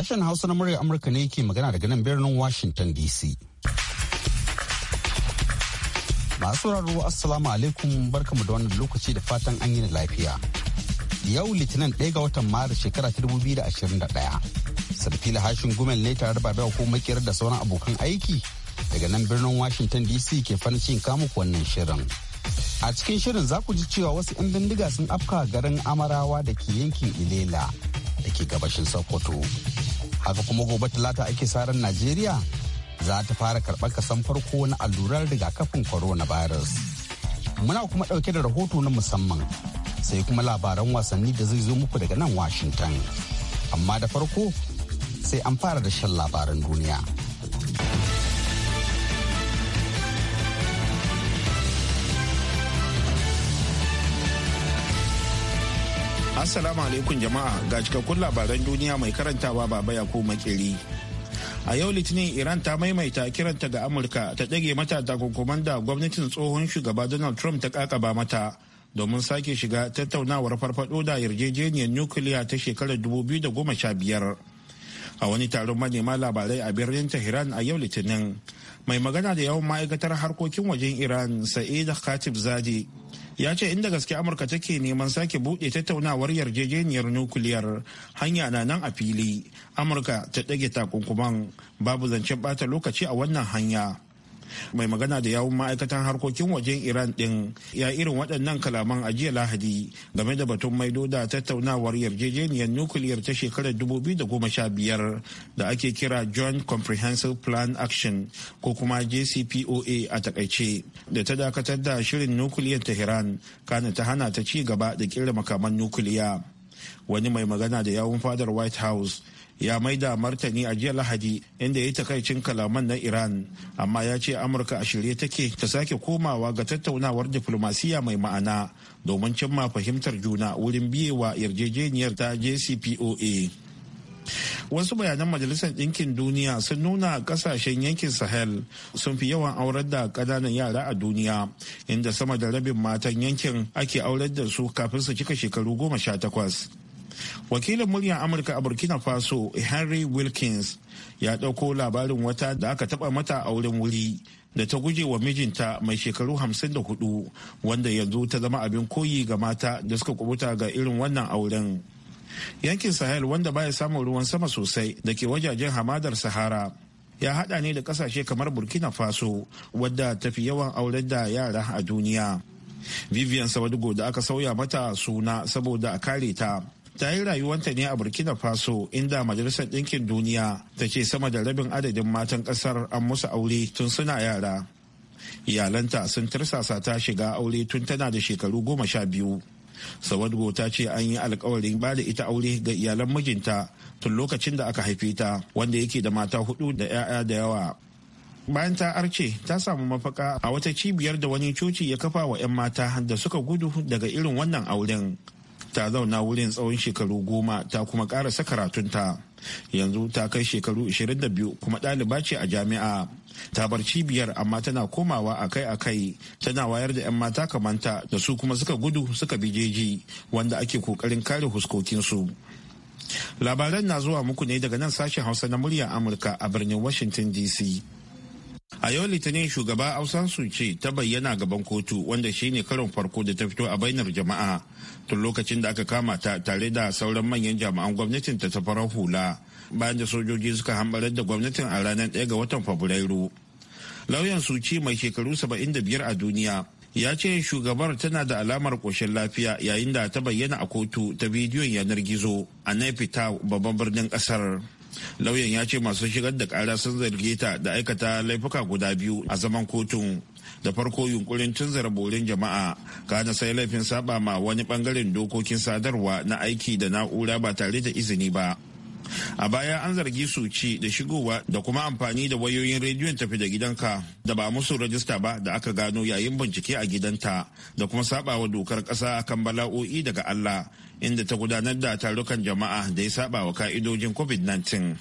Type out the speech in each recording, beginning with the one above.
Sashen Hausa na murya Amurka ne ke magana daga nan birnin Washington DC. Masu raro Assalamu alaikum barkamu da wannan lokaci da fatan an yi lafiya. Yau Litinin ɗaya ga watan Maris shekara ta dubu biyu da ashirin ɗaya Sarfila hashin gumel ne tare da babawa ko makiyar da sauran abokan aiki daga nan birnin Washington DC ke farin cikin kamuku wannan shirin. A cikin shirin za ku ji cewa wasu 'yan bindiga sun afka garin Amarawa da ke yankin Ilela da ke gabashin Sokoto. haka kuma gobe talata ake sarar najeriya za ta fara karɓar kasan farko na allurar rigakafin virus muna kuma ɗauke da rahoto na musamman sai kuma labaran wasanni da zai zo muku daga nan washington amma da farko sai an fara da shan labaran duniya. Assalamu alaikum jama'a ga cikakkun labaran duniya mai karantawa baba ya ko makeri. A yau Litinin Iran ta maimaita kiranta ga Amurka ta ɗage mata takunkuman da gwamnatin tsohon shugaba Donald Trump ta kakaba mata domin sake shiga tattaunawar farfado da yarjejeniyar nukiliya ta shekarar 2015. A wani taron manema labarai a birnin Tehran a yau Litinin, mai magana da yawan ma'aikatar harkokin wajen Iran Sa'id Khatib Zadi ya ce inda gaske amurka take neman sake buɗe tattaunawar yarjejeniyar nukiliyar hanya na nan a fili amurka ta ɗage takunkuman babu zancen ɓata lokaci a wannan hanya mai magana da yawun ma'aikatan harkokin wajen iran din ya irin waɗannan kalaman a jiya lahadi game da batun maido da tattaunawar yarjejeniyar nukiliyar ta shekarar 2015 da ake kira joint comprehensive plan action ko kuma jcpoa a takaice da ta dakatar da shirin nukiliyar tehran kana ta hana ta ci gaba da kira makaman nukiliya wani mai magana da yawun fadar white house ya maida martani a jiya lahadi inda ya takaicin kalaman na iran amma ya ce amurka a shirye take ta sake komawa ga tattaunawar diflomasiya mai ma'ana domin cimma fahimtar juna wurin biyewa yarjejeniyar ta jcpoa wasu bayanan majalisar ɗinkin duniya sun nuna ƙasashen yankin sahel sun fi yawan aurar da ƙananan yara a duniya inda sama da rabin matan yankin ake aurar da su kafin su cika shekaru goma sha takwas wakilin muryar amurka a burkina faso henry wilkins ya ɗauko labarin wata da aka taɓa mata a wurin wuri da ta guje wa mijinta mai shekaru 54 wanda yanzu ta zama abin koyi ga mata da suka kubuta ga irin wannan auren yankin sahel wanda baya samun ruwan sama sosai da ke wajajen hamadar sahara ya hada ne da kasashe kamar burkina faso wadda fi yawan auren da yara a duniya vivian sabadugo da aka sauya mata suna saboda a kare ta ta yi rayuwanta ne a burkina faso inda majalisar ɗinkin duniya ta ce sama da rabin adadin matan ƙasar an musu aure tun suna yara iyalanta sun tirsasa ta shiga aure tun tana da shekaru goma sha biyu sawadgo ta ce an yi alkawarin ba da ita aure ga iyalan mijinta tun lokacin da aka haife ta wanda yake da mata hudu da 'ya'ya da yawa bayan ta arce ta samu mafaka a wata cibiyar da wani coci ya kafa wa 'yan mata da suka gudu daga irin wannan auren ta zauna wurin tsawon shekaru goma ta kuma karasa karatunta yanzu ta kai shekaru 22 kuma ɗaliba ce a jami'a ta bar cibiyar amma tana komawa akai-akai tana wayar da 'yan mata kamanta da su kuma suka gudu suka bi jeji wanda ake kokarin kare huskokinsu labaran na zuwa muku ne daga nan sashen hausa na muryar amurka a birnin washington dc A yau Litinin shugaba Ausan su ce ta bayyana gaban kotu wanda shine karon farko da ta fito a bainar jama'a tun lokacin da aka kama ta tare da sauran manyan jami'an gwamnatin ta ta farar hula bayan da sojoji suka hambarar da gwamnatin a ranar 1 ga watan Fabrairu. Lauyan Suci mai shekaru 75 a duniya ya ce shugabar tana da alamar koshin lafiya yayin da ta bayyana a kotu ta bidiyon yanar gizo a naifita babban birnin kasar. lauyan ya ce masu shigar da kara sun zarge ta da aikata laifuka guda biyu a zaman kotun da farko yunkurin tunzara borin jama'a kana sai laifin saba ma wani bangaren dokokin sadarwa na aiki da na'ura ba tare da izini ba a baya an zargi su ci da shigowa da kuma amfani da wayoyin rediyon tafi da gidanka da ba musu rajista ba da aka gano yayin bincike a gidanta da kuma sabawa dokar kasa kan bala'o'i daga Allah inda ta gudanar da tarukan jama'a da ya sabawa ka'idojin covid-19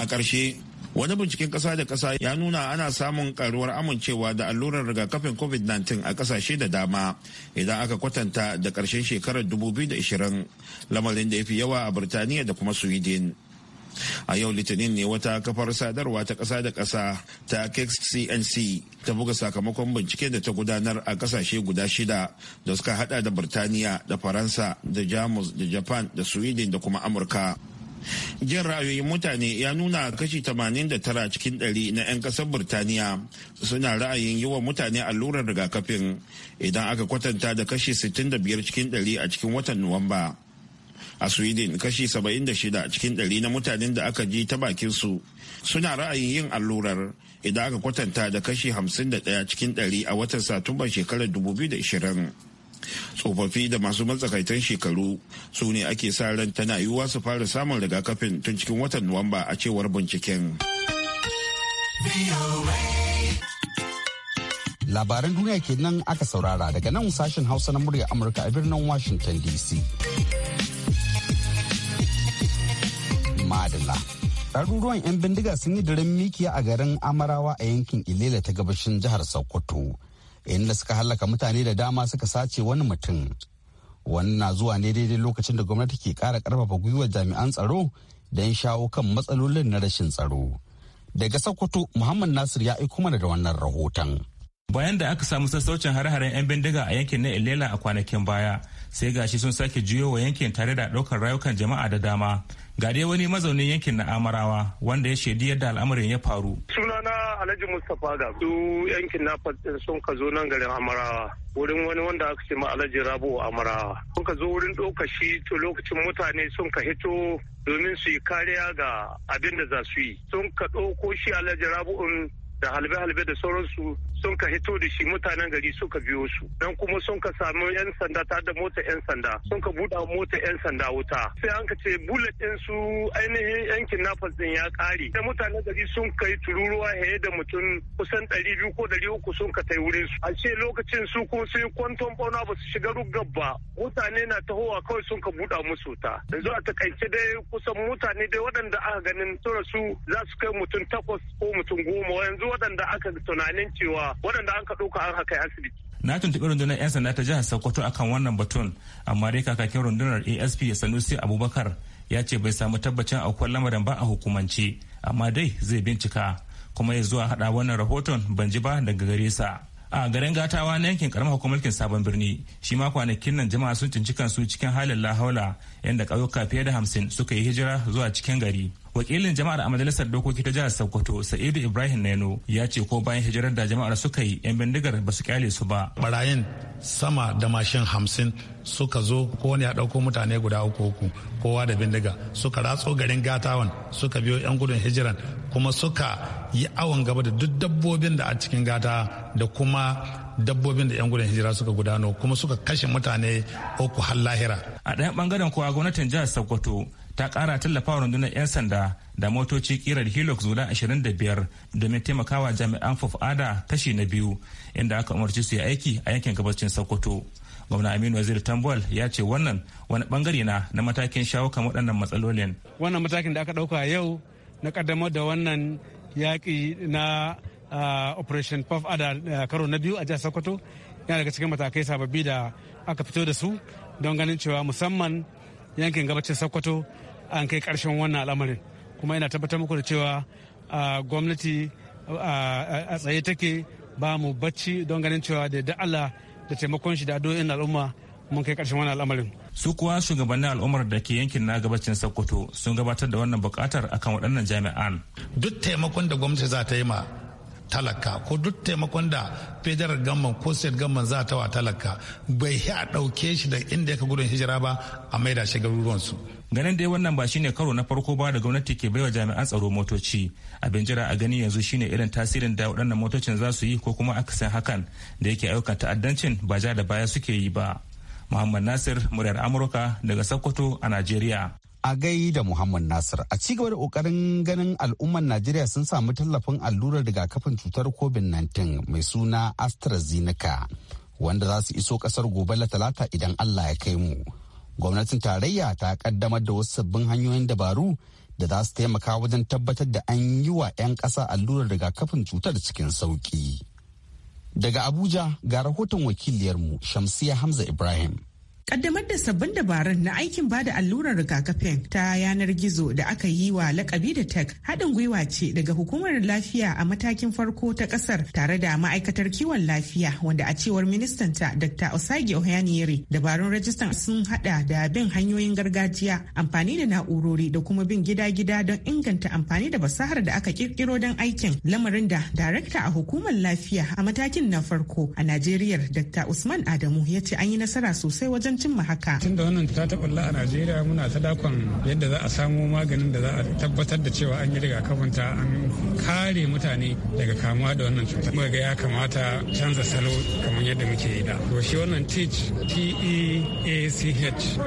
a ƙarshe wani binciken kasa da kasa ya nuna ana samun karuwar amincewa da allurar rigakafin covid-19 a kasashe da dama idan aka kwatanta da karshen shekarar 2020 lamarin da ya fi yawa a birtaniya da kuma sweden a yau litinin ne wata kafar sadarwa ta kasa da kasa ta cnc ta buga sakamakon bincike da ta gudanar a kasashe guda shida da suka hada da birtaniya da faransa da jamus da japan da sweden da kuma amurka jin ra'ayoyin mutane ya nuna kashi 89 cikin 100 na 'yan kasar burtaniya suna ra'ayin yi wa mutane allurar rigakafin idan aka kwatanta da kashi 65 cikin 100 a cikin watan nuwamba a sweden kashi 76 cikin 100 na mutanen da aka ji ta bakinsu suna ra'ayin yin allurar idan aka kwatanta da kashi 51 cikin 100 a watan satumban shekarar 2020 tsofaffi da masu matsakaitan shekaru su ne ake sa ran tana yiwuwa su fara samun rigakafin tun cikin watan nuwamba a cewar binciken labaran duniya kenan aka saurara daga nan sashen hausa na murya amurka a birnin washington dc madala ɗaruruwan 'yan bindiga sun yi daren mikiya a garin amarawa a yankin ilela ta gabashin jihar sokoto inda suka hallaka mutane da dama suka sace wani mutum wannan na zuwa ne daidai lokacin da gwamnati ke kara karfafa gwiwar jami'an tsaro don shawo kan matsalolin na rashin tsaro daga sokoto muhammad nasir ya aiko mana da wannan rahoton bayan da aka samu sassaucin har-haren 'yan bindiga a yankin na ilela a kwanakin baya sai gashi sun sake juyo wa yankin tare da ɗaukar rayukan jama'a da dama ga dai wani mazaunin yankin na amarawa wanda ya shaidi yadda al'amarin ya faru sunana Alhaji Mustapha ga su yankin na sun ka zo nan garin Amarawa wurin wani wanda aka ce ma Alhaji Rabu Amarawa. Sun ka zo wurin ɗauka shi to lokacin mutane sun ka hito domin su yi kariya ga abin da za su yi. Sun ka ɗauko shi Alhaji Rabu'un da halbe-halbe da sauransu sun ka hito da shi mutanen gari suka biyo su dan kuma sun ka samu yan sanda ta da mota yan sanda sun ka buɗa mota yan sanda wuta sai an ka ce bullet din su ainihin yan kidnappers din ya kare da mutanen gari sun kai tururuwa haye da mutum kusan ɗari ko ɗari uku sun ka tai wurin su a ce lokacin su ko sai kwanton bauna ba su shiga rugar ba mutane na tahowa kawai sun ka buɗa musu ta yanzu a takaice dai kusan mutane dai waɗanda aka ganin tura su za su kai mutum takwas ko mutum goma yanzu waɗanda aka tunanin cewa waɗanda an ka ɗauka an haka asibiti. Na tuntuɓi rundunar 'yan sanda ta jihar Sokoto akan wannan batun, amma dai kakakin rundunar ASP ya Sanusi Abubakar ya ce bai samu tabbacin aukuwar lamarin ba a hukumance, amma dai zai bincika. Kuma ya zuwa haɗa wannan rahoton ban ji ba daga gare sa. a garin gatawa na yankin karamar hukumulkin sabon birni shi ma kwanakin nan jama'a sun cinci kansu cikin halin lahaula yadda ƙauyuka fiye da hamsin suka yi hijira zuwa cikin gari wakilin jama'ar a majalisar dokoki ta jihar sokoto sa'idu ibrahim naino ya ce ko bayan hijirar da jama'ar suka yi yan bindigar ba su kyale su ba barayin sama da mashin hamsin suka zo ko wani ya ɗauko mutane guda uku uku kowa da bindiga suka ratso garin gatawan suka biyo 'yan gudun hijiran kuma suka yi awon gaba da duk dabbobin da a cikin gata da kuma dabbobin da 'yan gudun hijira suka gudano kuma suka kashe mutane uku har lahira a ɗayan bangaren kowa gwamnatin jihar sokoto ta kara tallafa rundunar 'yan sanda da motoci kirar hilux guda 25 domin taimakawa jami'an fufada kashi na biyu inda aka umarci su yi aiki a yankin gabacin sokoto gwamna aminu wazir tambuwal ya ce wannan wani bangare na na matakin shawo kan waɗannan matsalolin wannan matakin da aka ɗauka yau na ƙaddamar da wannan yaƙi na operation puff ada karo na biyu a jihar sokoto yana daga cikin matakai sababbi da aka fito da su don ganin cewa musamman yankin gabacin sokoto an kai karshen wannan al'amarin kuma ina tabbatar muku da cewa gwamnati a tsaye take ba mu bacci don ganin cewa da da Allah da taimakon shi da addu'o'in al'umma mun kai karshen wannan al'amarin. Su kuwa shugabannin al'ummar da ke yankin na gabacin Sokoto sun gabatar da wannan bukatar akan waɗannan jami'an. Duk taimakon da gwamnati za ta yi ma talaka ko duk taimakon da federal gamman ko state gamman za ta wa talaka bai yi a ɗauke shi da inda yaka gudun hijira ba a maida shi garuruwansu. ganin dai wannan ba shine karo na farko ba da gwamnati ke baiwa jami'an tsaro motoci abin jira a gani yanzu shine irin tasirin da waɗannan motocin za su yi ko kuma akasin hakan da yake ayyukan ta'addancin ba ja da baya suke yi ba muhammad nasir muryar amurka daga sokoto a najeriya a gai da Muhammad Nasir. A ci gaba da ƙoƙarin ganin al'ummar Najeriya sun samu tallafin allurar rigakafin cutar COVID-19 mai suna AstraZeneca wanda za su iso ƙasar gobe la talata idan Allah ya kai mu. Gwamnatin tarayya ta ƙaddamar da wasu sabbin hanyoyin dabaru da za su taimaka wajen tabbatar da an yi wa 'yan ƙasa allurar rigakafin cutar cikin sauƙi. Daga Abuja ga rahoton wakiliyarmu Shamsiya Hamza Ibrahim. kaddamar da sabbin dabarun na aikin ba da allurar rigakafin ta yanar gizo da aka yi wa lakabi da tech haɗin gwiwa ce daga hukumar lafiya a matakin farko ta ƙasar tare da ma'aikatar kiwon lafiya wanda a cewar ministanta dr osage ohaniyere dabarun rajistan sun haɗa da bin hanyoyin gargajiya amfani da na'urori da kuma bin gida-gida don inganta amfani da fasahar da aka kirkiro don aikin lamarin da darakta a hukumar lafiya a matakin na farko a najeriya dr usman adamu ya ce an yi nasara sosai wajen don cimma haka. Tun da wannan ta taɓalla a Najeriya muna ta dakon yadda za a samo maganin da za a tabbatar da cewa an yi rigakafin ta an kare mutane daga kamuwa da wannan cuta. kuma ga ya kamata canza salo kamar yadda muke yi da. To shi wannan TEACH T-E-A-C-H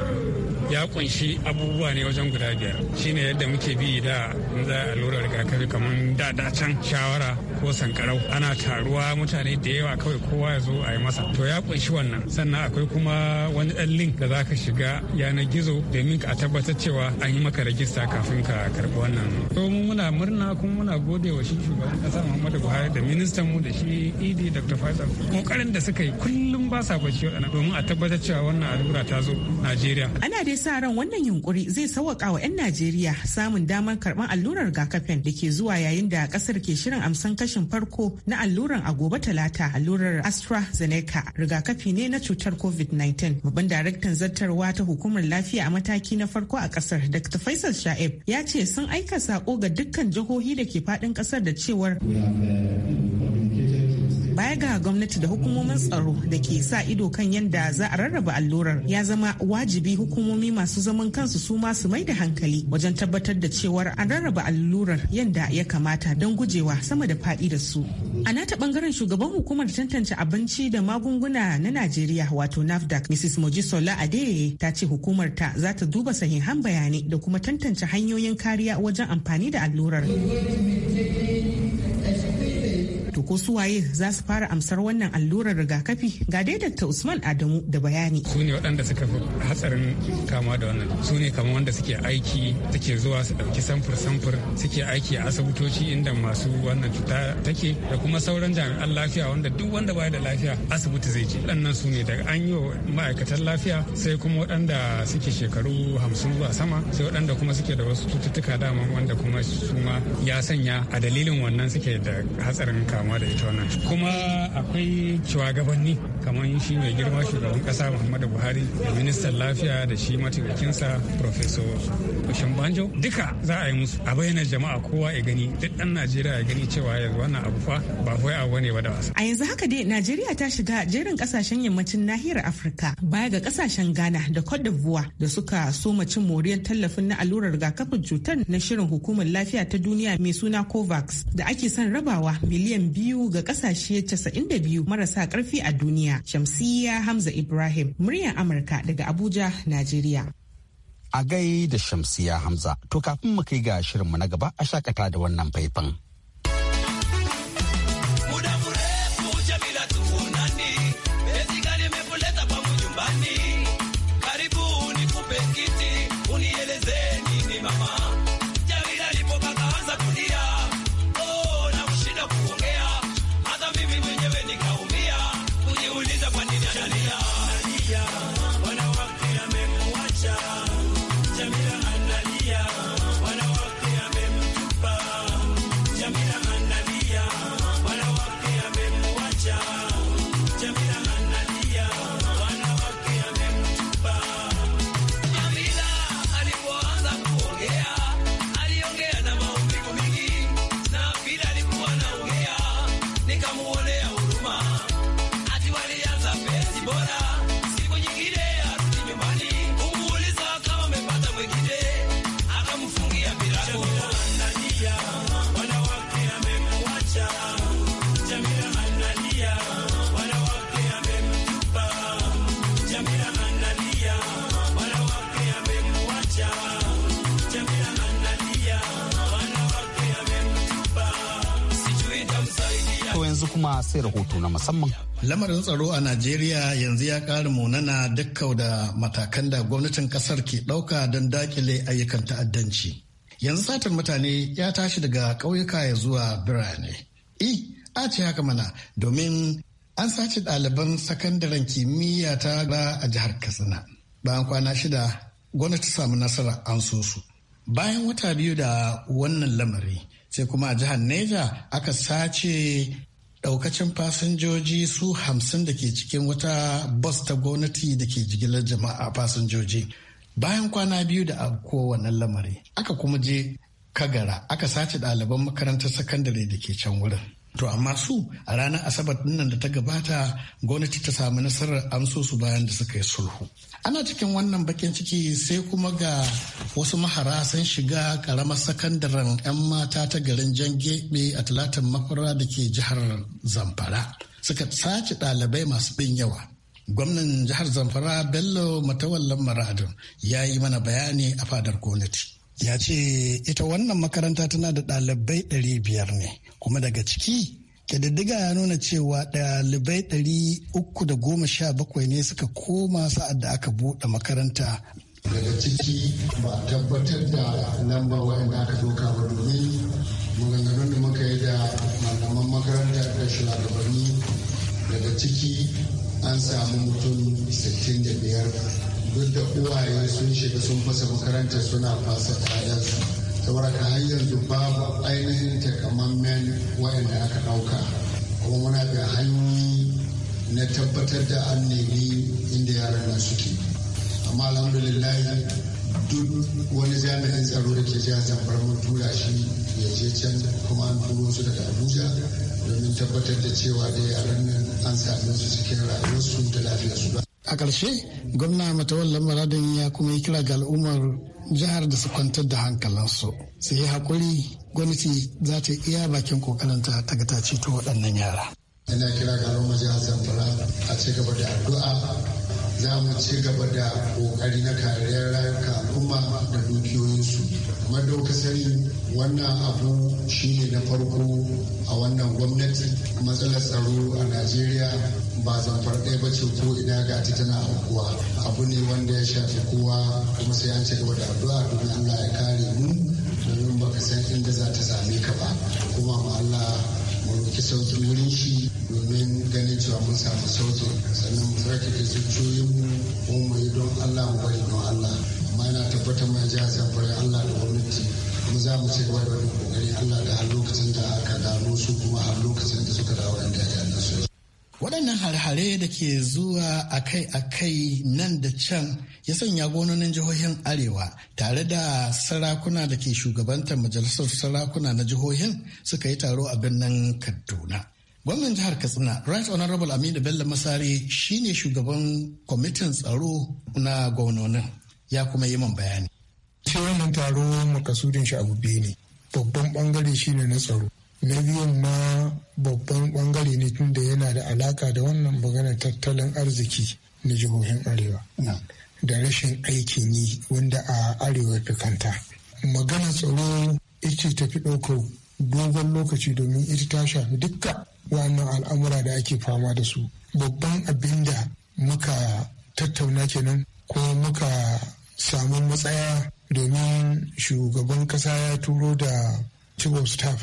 ya kunshi abubuwa ne wajen guda biyar shine yadda muke bi da za a lura rigakafi kamar da can shawara ko sankarau ana taruwa mutane da yawa kawai kowa ya zo a yi masa to ya kunshi wannan sannan akwai kuma wani dan link da ka shiga yanar gizo domin ka tabbatar cewa an yi maka rajista kafin ka karbi wannan to mu muna murna kuma muna gode wa shi shugaban kasa Muhammadu Buhari da ministan mu da shi ED Dr. Faisal kokarin da suka yi kullum ba sa bacci domin a tabbatar cewa wannan allura ta zo Najeriya ana ake ran wannan yunkuri zai sauwaka wa 'yan Najeriya samun damar karɓar allurar rigakafin da ke zuwa yayin da ƙasar ke shirin amsan kashin farko na alluran a gobe talata allurar AstraZeneca rigakafi ne na cutar COVID-19. Babban daraktan zartarwa ta hukumar lafiya a mataki na farko a ƙasar Dr. Faisal Sha'ib ya ce sun aika sako ga dukkan jihohi da ke faɗin ƙasar da cewar. baya ga gwamnati da hukumomin tsaro da ke sa ido kan yadda za a rarraba allurar ya zama wajibi hukumomi masu zaman kansu su ma su mai da hankali wajen tabbatar da cewar an rarraba allurar yadda ya kamata don gujewa sama da faɗi da su a nata bangaren shugaban hukumar tantance abinci da magunguna na najeriya wato nafdac mrs mojisola adeye ta ce hukumar ta za ta duba sahihan bayanai da kuma tantance hanyoyin kariya wajen amfani da allurar ko suwaye za su fara amsar wannan allurar rigakafi ga dai Dr. Usman Adamu da bayani. Su ne waɗanda suka fi hatsarin kama da wannan. Su ne kamar wanda suke aiki suke zuwa su ɗauki samfur-samfur suke aiki a asibitoci inda masu wannan cuta take da kuma sauran jami'an lafiya wanda duk wanda baya da lafiya asibiti zai je. Waɗannan su ne daga an yi wa ma'aikatan lafiya sai kuma waɗanda suke shekaru hamsin zuwa sama sai waɗanda kuma suke da wasu cututtuka dama wanda kuma su ma ya sanya a dalilin wannan suke da hatsarin kama kama da ita wannan kuma akwai cewa gabanni kamar shi mai girma shugaban kasa muhammadu buhari da ministan lafiya da shi mataimakinsa professor kushin banjo duka za a yi musu a bayyana jama'a kowa ya gani duk dan najeriya ya gani cewa yanzu wannan abu fa ba wai abu ne ba da wasa a yanzu haka dai najeriya ta shiga jerin kasashen yammacin nahiyar afirka baya ga kasashen ghana da cote d'ivoire da suka soma cin moriyar tallafin na allurar rigakafin cutar na shirin hukumar lafiya ta duniya mai suna covax da ake son rabawa miliyan biyu biyu ga kasashe 92 marasa karfi a duniya. Shamsiyya Hamza Ibrahim, muryar Amurka daga Abuja, Najeriya. A gai da Shamsiyya Hamza, to kafin mu kai ga shirinmu na gaba a shakata da wannan faifan. kuma sai rahoto na musamman. Lamarin tsaro a Najeriya yanzu ya ƙara munana dukkau da matakan da gwamnatin ƙasar ke ɗauka don dakile ayyukan ta'addanci. Yanzu satar mutane ya tashi daga ƙauyuka ya zuwa birane. I, e, a ce haka mana domin an sace ɗaliban sakandaren kimiyya ta a jihar Katsina. Bayan kwana shida, gwamnati samu nasara an so su. Bayan wata biyu da wannan lamari, sai kuma a jihar Neja aka sace daukacin fasinjoji su hamsin da ke cikin wata bus ta gwamnati da ke jigilar jama'a fasinjoji bayan kwana biyu da a kowane lamari aka kuma je kagara aka sace ɗaliban makarantar sakandare da ke can wurin To amma su a ranar Asabar nan da ta gabata gwamnati ta samu nasarar amso su bayan da suka yi sulhu. Ana cikin wannan bakin ciki sai kuma ga wasu mahara sun shiga karamar sakandaren 'yan mata ta garin Jan Gebe a talatin mafara da ke jihar Zamfara. Suka sace ɗalibai masu bin yawa. Gwamnan jihar Zamfara Bello Matawallan Maradin ya yi mana bayani a fadar gwamnati. ya ce ita wannan makaranta tana da ɗalibai ɗari biyar ne kuma daga ciki kididdiga ya nuna cewa ɗalibai ɗari uku da goma sha bakwai ne suka koma sa'ad da aka buɗe makaranta. Daga ciki ba tabbatar da lamba waɗanda aka doka ba domin maganganun da muka yi da malaman makaranta da shugabanni daga ciki an samu mutum 65 duk da uwaye sun shiga sun fasa makarantar suna fasa kayansu saboda ka har yanzu babu ainihin takamammen wayanda aka ɗauka kuma muna da hanyoyi na tabbatar da an nemi inda yaran nan suke amma alhamdulillah duk wani jami'in tsaro da ke jihar zamfara mun tura shi ya je can kuma an turo su daga abuja domin tabbatar da cewa da yaran nan an same su cikin rayuwarsu da lafiyarsu ba a ƙarshe gwamna matawallan maradin ya kuma yi kira ga al'ummar jihar da su kwantar da hankalinsu su yi haƙuri gwamnati za ta iya bakin ƙoƙarinta ta ga ta ceto waɗannan yara ina kira ga al'ummar jihar zamfara a ci gaba da addu'a za mu ci gaba da ƙoƙari na kariyar rayuka al'umma da dukiyoyinsu wanda sani wannan abu shine na farko a wannan gwamnati matsalar tsaro a najeriya ba zamfar ɗaya ba ce ko ina ga ta tana aukuwa abu ne wanda ya shafi kowa kuma sai an ce gaba da addu'a domin allah ya kare mu domin baka san inda za ta same ka ba kuma ma allah ɗauki sautin wurin shi domin ganin cewa mun samu sautin, sannan mu tsarkake zuciyoyin mu ko mu yi don Allah mu bari don Allah amma yana tabbatar mai jihar Zamfara Allah da gwamnati mu za mu ci gaba da kokari Allah da har lokacin da aka gano su kuma har lokacin da suka dawo inda ya waɗannan hare-hare da ke zuwa akai-akai nan da can ya sanya gwanonin jihohin arewa tare da sarakuna da ke shugabantar majalisar sarakuna na jihohin suka yi taro a birnin kaduna gwamnan jihar katsina right honorable aminu bello masari shine shugaban kwamitin tsaro na gwamnonin ya kuma yi man bayani shi wannan taro makasudin shi abu biyu ne babban bangare shine na tsaro na biyun ma babban bangare ne tunda yana da alaka da wannan maganar tattalin arziki na jihohin arewa da rashin aikin yi wanda a arewa ta kanta Magana tsaro ita fi ɗaukar dogon lokaci domin ita ta shafi dukka wannan al'amura da ake fama da su babban abin da muka tattauna kenan ko muka samu matsaya domin shugaban kasa ya turo da chief of staff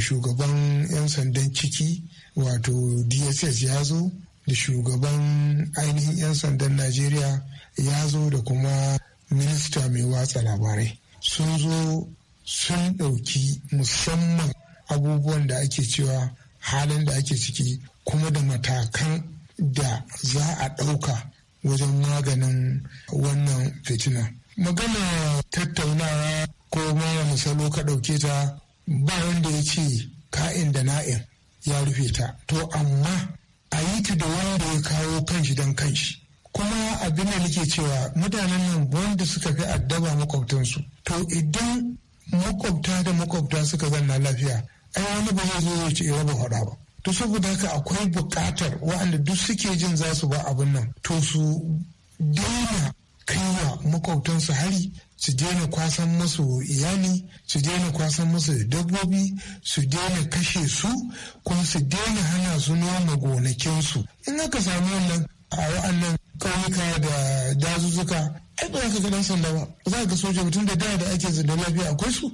shugaban 'yan sandan ciki wato dss ya zo da shugaban ainihin 'yan sandan najeriya ya zo da kuma minista mai watsa labarai sun zo sun ɗauki musamman abubuwan da ake cewa halin da ake ciki kuma da matakan da za a ɗauka wajen maganin wannan fitina magana tattaunawa ko ma wani salo ka ɗauke ta ba wanda ya ce ka'in da na'in ya rufe ta to amma a yi ta da wanda ya kawo kanshi don shi. kuma abin da nake cewa mutanen nan wanda suka fi addaba makwabtansu to idan makwabta da makwabta suka zanna lafiya ai wani ba zai zo ya ce ya ba faɗa ba to saboda haka akwai buƙatar waɗanda duk suke jin za su ba abin nan to su daina kaiwa makwabtansu hari su daina kwasan masu iyali su daina kwasan masu dabbobi su daina kashe su kuma su daina hana su noma gonakinsu in aka samu wannan a wa'annan ƙauyuka da dazuzzuka ai ba za ka ga sanda ba za ka soja mutum da da ake zanda lafiya akwai su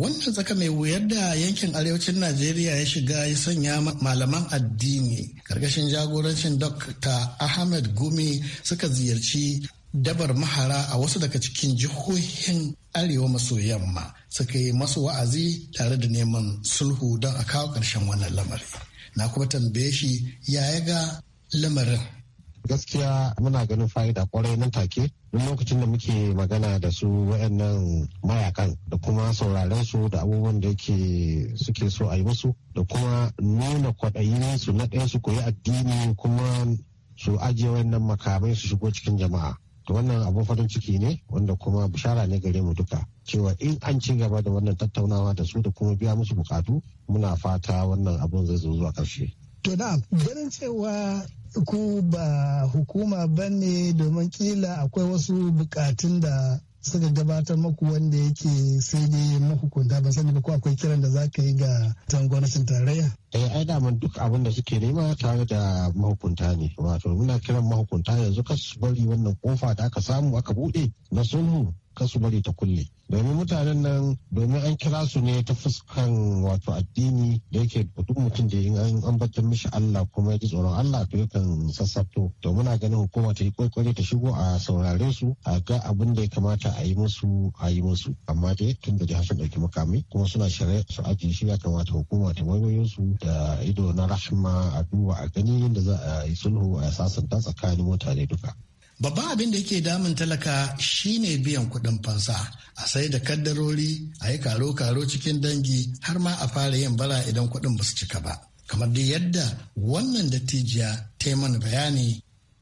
wannan tsaka mai wuyar da yankin arewacin najeriya ya shiga ya sanya malaman addini karkashin jagorancin dr ahmed gumi suka ziyarci dabar mahara a wasu daga cikin jihohin arewa maso yamma suka yi masu wa'azi tare da neman sulhu don a kawo ƙarshen wannan lamari na kuma tambaye shi ya ya ga lamarin gaskiya muna ganin fa'ida kwarai nan take duk lokacin da muke magana da su wayannan mayakan da kuma sauraren su da abubuwan da yake suke so a yi musu da kuma nuna kwaɗayin su na ɗaya su koyi addini kuma su ajiye wayannan makamai su shigo cikin jama'a wannan abun farin ciki ne wanda kuma bishara ne gare mu duka cewa in an ci gaba da wannan tattaunawa da su da kuma biya musu bukatu muna fata wannan abun zai zo zuwa ƙarshe. To na ganin cewa ku ba hukuma ba ne domin kila akwai wasu bukatun da suka gabatar maku wanda yake sai dai mahukunta ba sani ba ko akwai kiran da za ka yi ga tan gwamnatin tarayya. Eh ai daman duk abin da suke nema tare da mahukunta ne wato muna kiran mahukunta yanzu kasu bari wannan kofa da aka samu aka bude na sulhu su bari ta kulle domin mutanen nan domin an kira su ne ta fuskan wato addini da yake duk mutum da yin an ambatar mishi Allah kuma ya ji tsoron Allah to yakan sassabto to muna ganin hukuma ta yi kokari ta shigo a saurare su a ga abin da ya kamata a yi musu a yi musu amma dai tun da jihar sun dauki makami kuma suna shirye su ajiye shi ya kamata hukuma ta wayoyin su da ido na rahma a duba a gani yadda za a yi sulhu a sasanta tsakanin mutane duka Babban abin da yake damun talaka shine biyan kuɗin fansa, a sai da kaddarori, a yi karo-karo cikin dangi har ma a fara yin bara idan kuɗin ba su cika ba. Kamar da yadda wannan dattijiya ta yi mana bayani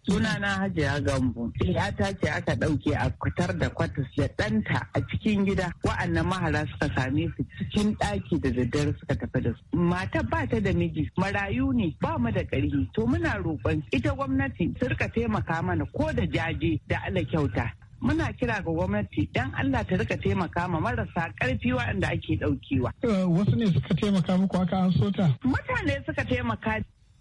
Suna na Hajiya Gambo. ta ce aka ɗauke a fitar da kwatas da ɗanta a cikin gida. Wa'annan mahara suka same su cikin ɗaki da daddare suka tafi da su. Mata ba ta da miji, marayu ne, ba mu da ƙarfi. To muna roƙon ita gwamnati su rika taimaka mana ko da jaje da ala kyauta. muna kira ga gwamnati dan Allah ta rika taimaka ma marasa karfi waɗanda ake daukewa eh, Wasu ne suka taimaka muku aka an sota? Mutane suka taimaka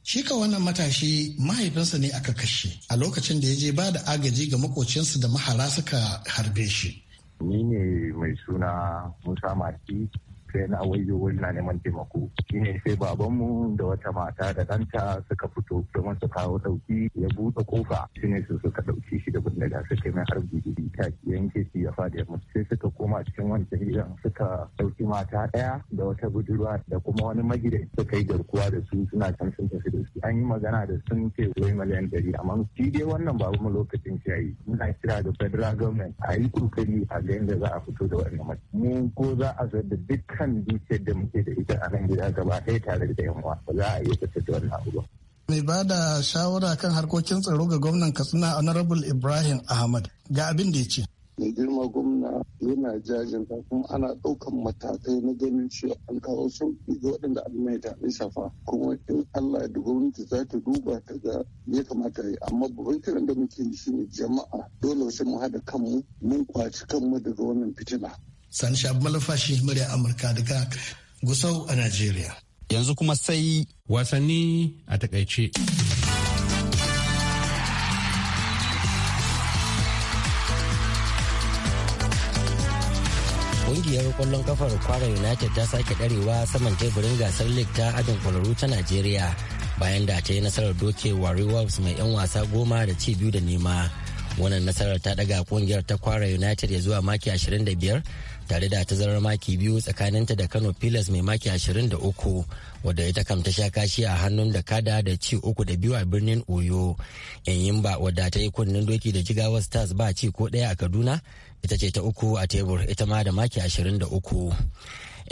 Shi ka wannan matashi mahaifinsa ne aka kashe a lokacin da ya je ba da agaji ga makocinsa da mahara suka harbe shi. Ni ne mai suna Musa Mati sai na wayo wani na neman taimako shine sai babanmu da wata mata da ɗanta suka fito domin su kawo ɗauki ya buɗe kofa shine su suka ɗauki shi da bindiga suka mai biyu? ta yanke shi ya fadi mu sai suka koma cikin wancan gidan suka ɗauki mata ɗaya da wata budurwa da kuma wani magidanci suka yi garkuwa da su suna can sun tafi da su an yi magana da sun ce wai miliyan ɗari amma shi dai wannan babu mu lokacin shi yayi muna kira da federal government a yi kokari a ga yadda za a fito da wannan mu ko za a zai da kan dukiyar da muke da ita a nan gida gaba ɗaya tare da yan ba za a iya fitar da wannan abu ba. mai ba da shawara kan harkokin tsaro ga gwamnan katsina honorable ibrahim ahmad ga abin da ya ce mai girma gwamna yana jajinta kuma ana ɗaukan matakai na ganin cewa an kawo sun ga waɗanda mai ta shafa kuma in allah da gwamnati za ta duba ta ga ya kamata yi amma babban kiran da muke shi ne jama'a dole sai mu haɗa kanmu mun kwaci kanmu daga wannan fitina Sani Shabu Malafashi murya Amurka daga Gusau a Najeriya. Yanzu kuma sai wasanni a takaice. Ƙungiyar ƙwallon kafar kwara United ta sake ɗarewa saman teburin gasar League ta adin kwararru ta Najeriya bayan da ta yi nasarar dokewa Wolves mai 'yan wasa goma da ci biyu da nema. wannan nasarar ta daga kungiyar ta kwara united ya zuwa maki 25 tare da tazarar maki biyu tsakaninta da kano Pillars mai maki 23 wadda ita kam ta sha kashi a hannun da kada da ci uku da biyu a birnin oyo ba wadda ta yi kunnen doki da jigawa stars ba ci ko daya a kaduna ita ce ta uku a tebur ita ma da maki 23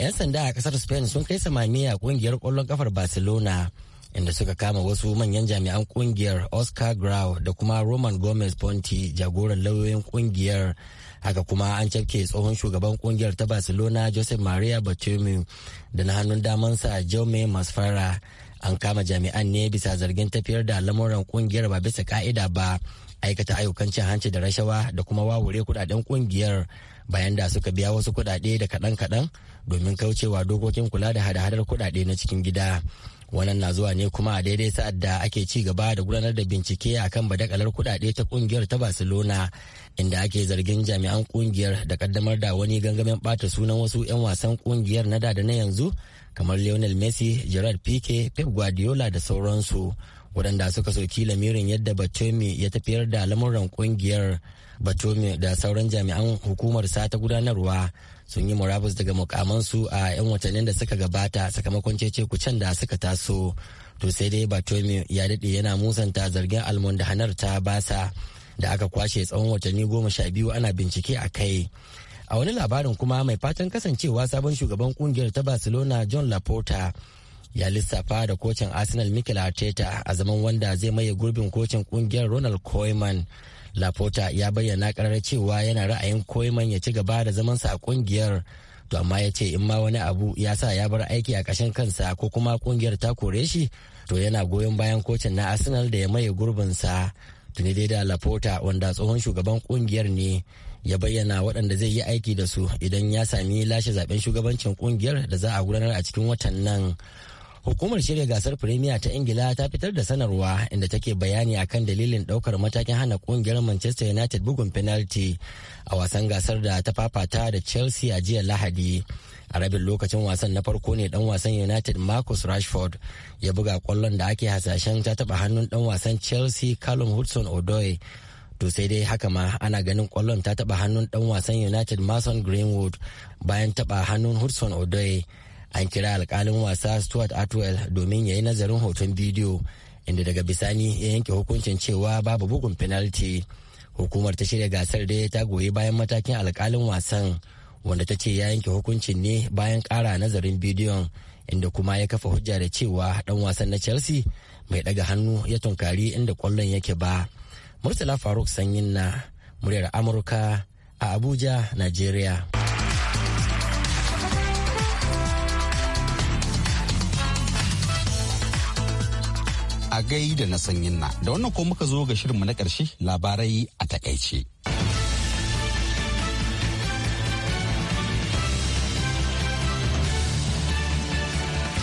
'yan sanda a kasar spain sun kai samaniya a kungiyar kwallon kafar barcelona inda suka kama wasu manyan jami'an kungiyar oscar grau da kuma roman gomez ponti jagoran lauyoyin kungiyar haka kuma an cafke tsohon shugaban kungiyar ta barcelona joseph maria bartomeu da na hannun damansa jaume masfara an kama jami'an ne bisa zargin tafiyar da lamuran kungiyar ba bisa ka'ida ba aikata ayyukan cin hanci da rashawa da kuma wawure kudaden kungiyar bayan da suka biya wasu kudade da kadan kadan domin kaucewa dokokin kula da hada-hadar kudade na cikin gida. wannan na zuwa ne kuma a daidai sa'ad da ake ci gaba da gudanar da bincike a kan badakalar kudade ta kungiyar ta barcelona inda ake zargin jami'an kungiyar da kaddamar da wani gangamin bata sunan wasu 'yan wasan kungiyar na da na yanzu kamar lionel messi gerard pique pep guardiola da sauransu waɗanda suka soki lamirin yadda batomi ya tafiyar da lamuran ƙungiyar batomi da sauran jami'an hukumar sa ta gudanarwa sun yi murabus daga mukamansu a 'yan watannin da suka gabata sakamakon cece kucen da suka taso. To sai dai batomi ya daɗe yana musanta zargin almundahanar ta basa da aka kwashe tsawon watanni goma sha biyu ana bincike a kai. A wani labarin kuma mai fatan kasancewa sabon shugaban kungiyar ta Barcelona John Laporta ya lissafa da kocin arsenal mikel arteta a zaman wanda zai maye gurbin kocin kungiyar ronald koeman laporta ya bayyana karar cewa yana ra'ayin koeman ya ci gaba da zamansa a kungiyar to amma ya ce in ma wani abu ya sa ya bar aiki a ƙashin kansa ko kuma kungiyar ta kore shi to yana goyon bayan kocin na arsenal da ya maye gurbinsa tuni dai da laporta wanda tsohon shugaban kungiyar ne ya bayyana waɗanda zai yi aiki da su idan ya sami lashe zaben shugabancin kungiyar da za a gudanar a cikin watan nan Hukumar shirya gasar Premier ta Ingila ta fitar da sanarwa inda take bayani akan dalilin daukar matakin hana kungiyar Manchester United bugun penalty a wasan gasar da ta fafata da Chelsea a jiya Lahadi. a rabin lokacin wasan na farko ne dan wasan united marcus rashford ya buga kwallon da ake hasashen ta taba hannun dan wasan chelsea callum hudson odoi to sai dai haka ma ana ganin kwallon ta taba hannun dan wasan united mason greenwood bayan taba hannun hudson odoi an kira alkalin wasa stuart atwell domin ya yi nazarin hoton bidiyo inda daga bisani ya yanke hukuncin cewa babu bugun penalty hukumar ta shirya gasar da ta goyi bayan matakin alkalin wasan wanda ta ce ya yanke hukuncin ne bayan kara nazarin bidiyon inda kuma ya kafa hujja da cewa dan wasan na chelsea mai daga hannu ya tunkari inda kwallon yake ba murtala faruk sanyin na muryar amurka a abuja nigeria a gai da na sanyin na. Da wannan ko muka zo ga shirinmu na ƙarshe labarai a takaice.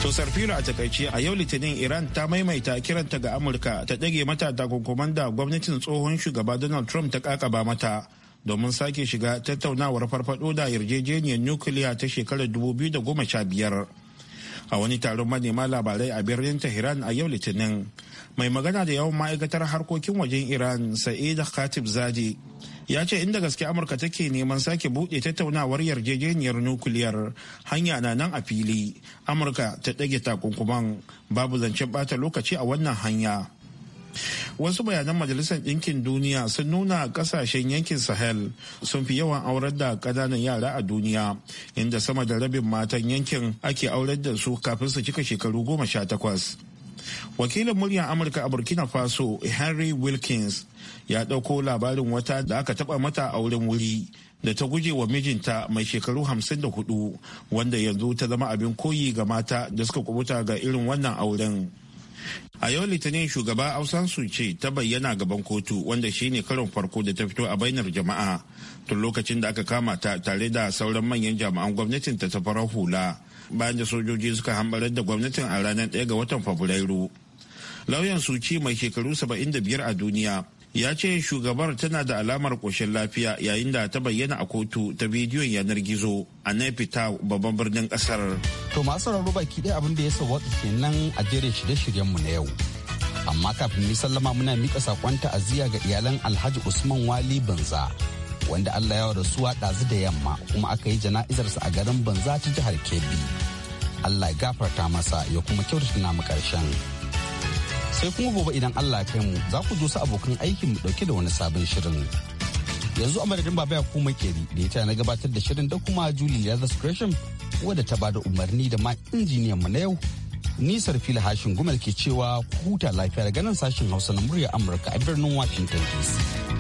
To Sarfino a takaice a yau Litinin Iran ta maimaita kiranta ga Amurka ta ɗage mata takunkuman da gwamnatin tsohon shugaba Donald Trump ta ƙaƙaba mata domin sake shiga tattaunawar farfado da yarjejeniyar nukiliya ta shekarar 2015. a wani taron manema labarai a birnin tehran a yau litinin mai magana da yawan ma'aikatar harkokin wajen iran sa'id khatib zadi ya ce inda gaske amurka take neman sake buɗe tattaunawar yarjejeniyar nukiliyar, hanya na nan a fili amurka ta ɗage takunkuman babu zancen ɓata lokaci a wannan hanya wasu bayanan majalisar ɗinkin duniya sun nuna ƙasashen yankin sahel sun fi yawan aurar da ƙananan yara a duniya inda sama da rabin matan yankin ake aurar da su kafin su cika shekaru goma sha takwas wakilin muryar amurka a burkina faso henry wilkins ya ɗauko labarin wata da aka taɓa mata a wurin wuri da ta guje wa mijinta mai shekaru hamsin da hudu wanda yanzu ta zama abin koyi ga mata da suka kubuta ga irin wannan auren a yau litinin shugaba ausan ce ta bayyana gaban kotu wanda shine karon farko da ta fito a bainar jama'a tun lokacin da aka kama ta tare da sauran manyan jami'an gwamnatin ta farar hula bayan da sojoji suka hambarar da gwamnatin a ranar 1 ga watan fabrairu lauyan suci mai shekaru 75 a duniya ya ce shugabar tana da alamar ƙoshin lafiya yayin da ta bayyana a kotu ta bidiyon yanar gizo a nefita babban birnin ƙasar. to masu sauraro baki ɗaya abin da ya ke kenan a jerin shirye-shiryenmu na yau amma kafin mu sallama muna mika saƙon ta'aziyya ga iyalan alhaji usman wali banza wanda allah ya rasuwa ɗazu da yamma kuma aka yi jana'izarsa a garin banza ta jihar kebbi allah ya gafarta masa ya kuma kyautata namu ƙarshen. sai kuma gobe idan Allah kai mu za ku zo su abokan aikin mu dauke da wani sabon shirin. Yanzu a madadin baba ya kuma keri da ita na gabatar da shirin da kuma Julie Lazarus Gresham wadda ta bada umarni da ma injiniyan mu na yau. Nisar fili hashin gumel ke cewa ku huta lafiya daga nan sashen Hausa na murya Amurka a birnin Washington DC.